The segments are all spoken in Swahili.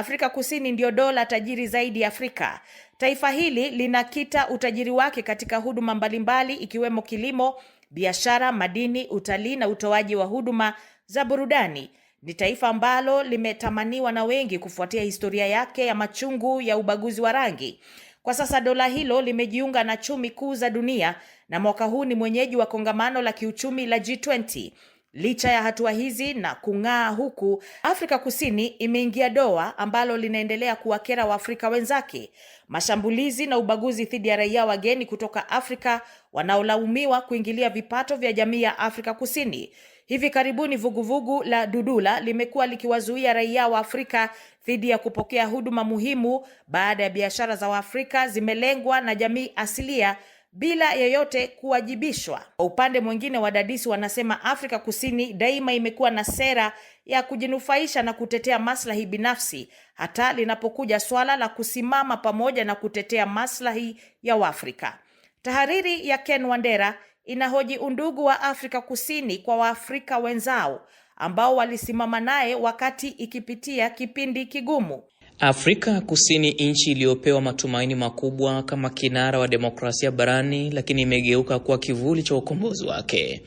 Afrika Kusini ndio dola tajiri zaidi Afrika. Taifa hili linakita utajiri wake katika huduma mbalimbali ikiwemo kilimo, biashara, madini, utalii na utoaji wa huduma za burudani. Ni taifa ambalo limetamaniwa na wengi kufuatia historia yake ya machungu ya ubaguzi wa rangi. Kwa sasa dola hilo limejiunga na chumi kuu za dunia na mwaka huu ni mwenyeji wa kongamano la kiuchumi la G20. Licha ya hatua hizi na kung'aa huku, Afrika Kusini imeingia doa ambalo linaendelea kuwakera Waafrika wenzake. Mashambulizi na ubaguzi dhidi ya raia wageni kutoka Afrika wanaolaumiwa kuingilia vipato vya jamii ya Afrika Kusini. Hivi karibuni vuguvugu vugu la Dudula limekuwa likiwazuia raia wa Afrika dhidi ya kupokea huduma muhimu baada ya biashara za Waafrika zimelengwa na jamii asilia bila yeyote kuwajibishwa. Kwa upande mwingine, wadadisi wanasema Afrika Kusini daima imekuwa na sera ya kujinufaisha na kutetea maslahi binafsi hata linapokuja swala la kusimama pamoja na kutetea maslahi ya Waafrika. Tahariri ya Ken Wandera inahoji undugu wa Afrika Kusini kwa Waafrika wenzao ambao walisimama naye wakati ikipitia kipindi kigumu. Afrika Kusini, nchi iliyopewa matumaini makubwa kama kinara wa demokrasia barani, lakini imegeuka kuwa kivuli cha ukombozi wake.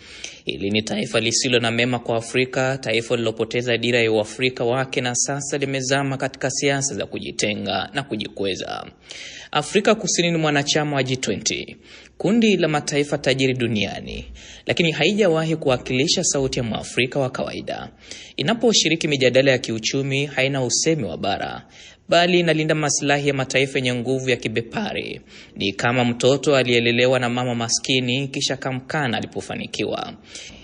Hili ni taifa lisilo na mema kwa Afrika, taifa lilopoteza dira ya uafrika wake na sasa limezama katika siasa za kujitenga na kujikweza. Afrika Kusini ni mwanachama wa G20 kundi la mataifa tajiri duniani, lakini haijawahi kuwakilisha sauti ya Mwafrika wa kawaida. Inaposhiriki mijadala ya kiuchumi, haina usemi wa bara, bali inalinda masilahi ya mataifa yenye nguvu ya kibepari. Ni kama mtoto aliyelelewa na mama maskini kisha kamkana alipofanikiwa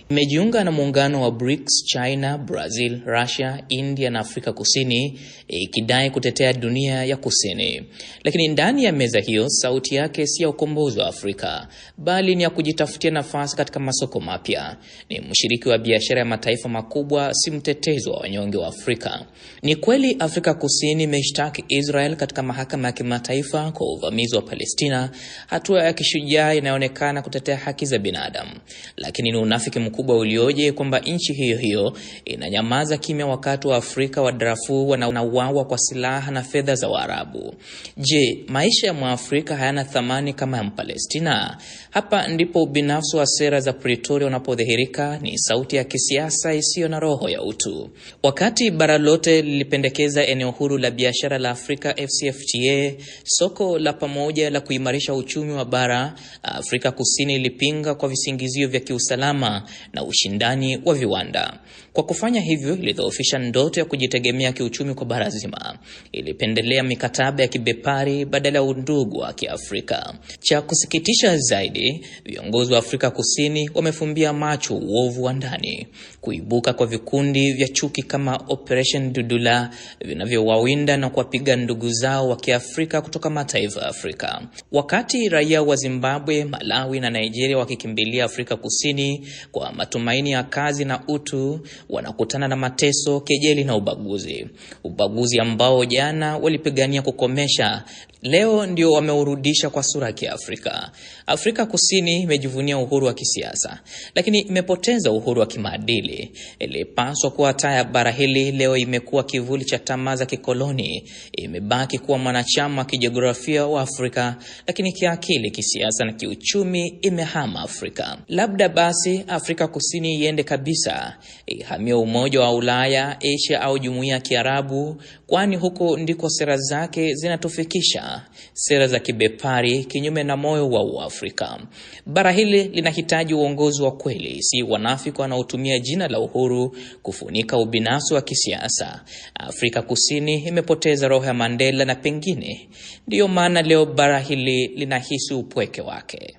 imejiunga na muungano wa BRICS, China, Brazil, Russia, India na Afrika Kusini ikidai kutetea dunia ya kusini. Lakini ndani ya meza hiyo sauti yake si ya ukombozi wa Afrika bali ni ya kujitafutia nafasi katika masoko mapya. Ni mshiriki wa biashara ya mataifa makubwa, si mtetezi wa wanyonge wa Afrika. Ni kweli Afrika Kusini imeshtaki Israel katika mahakama ya kimataifa kwa uvamizi wa Palestina, hatua ya kishujaa inayoonekana kutetea haki za binadamu. Lakini ni unafiki mkubwa mkubwa ulioje kwamba nchi hiyo hiyo inanyamaza kimya wakati wa Afrika wa Darfur wanauawa kwa silaha na fedha za Waarabu. Je, maisha ya Mwafrika hayana thamani kama ya Mpalestina? Hapa ndipo ubinafsi wa sera za Pretoria unapodhihirika, ni sauti ya kisiasa isiyo na roho ya utu. Wakati bara lote lilipendekeza eneo huru la biashara la Afrika FCFTA, soko la pamoja la kuimarisha uchumi wa bara, Afrika Kusini ilipinga kwa visingizio vya kiusalama na ushindani wa viwanda. Kwa kufanya hivyo, ilidhoofisha ndoto ya kujitegemea kiuchumi kwa bara zima. Ilipendelea mikataba ya kibepari badala ya undugu wa Kiafrika. Cha kusikitisha zaidi, viongozi wa Afrika Kusini wamefumbia macho uovu wa ndani, kuibuka kwa vikundi vya chuki kama Operation Dudula vinavyowawinda na kuwapiga ndugu zao wa Kiafrika kutoka mataifa ya Afrika. Wakati raia wa Zimbabwe, Malawi na Nigeria wakikimbilia Afrika Kusini kwa matumaini ya kazi na utu wanakutana na mateso, kejeli na ubaguzi. Ubaguzi ambao jana walipigania kukomesha, leo ndio wameurudisha kwa sura ya Kiafrika. Afrika Kusini imejivunia uhuru wa kisiasa, lakini imepoteza uhuru wa kimaadili. Ilipaswa kuwa taa ya bara hili, leo imekuwa kivuli cha tamaa za kikoloni. Imebaki kuwa mwanachama wa kijiografia wa Afrika, lakini kiakili, kisiasa na kiuchumi imehama Afrika. Labda basi Afrika Afrika Kusini iende kabisa, ihamia Umoja wa Ulaya, Asia au Jumuiya ya Kiarabu, kwani huko ndiko sera zake zinatufikisha, sera za kibepari kinyume na moyo wa Uafrika. Bara hili linahitaji uongozi wa kweli, si wanafiki wanaotumia jina la uhuru kufunika ubinafsi wa kisiasa. Afrika Kusini imepoteza roho ya Mandela na pengine ndiyo maana leo bara hili linahisi upweke wake.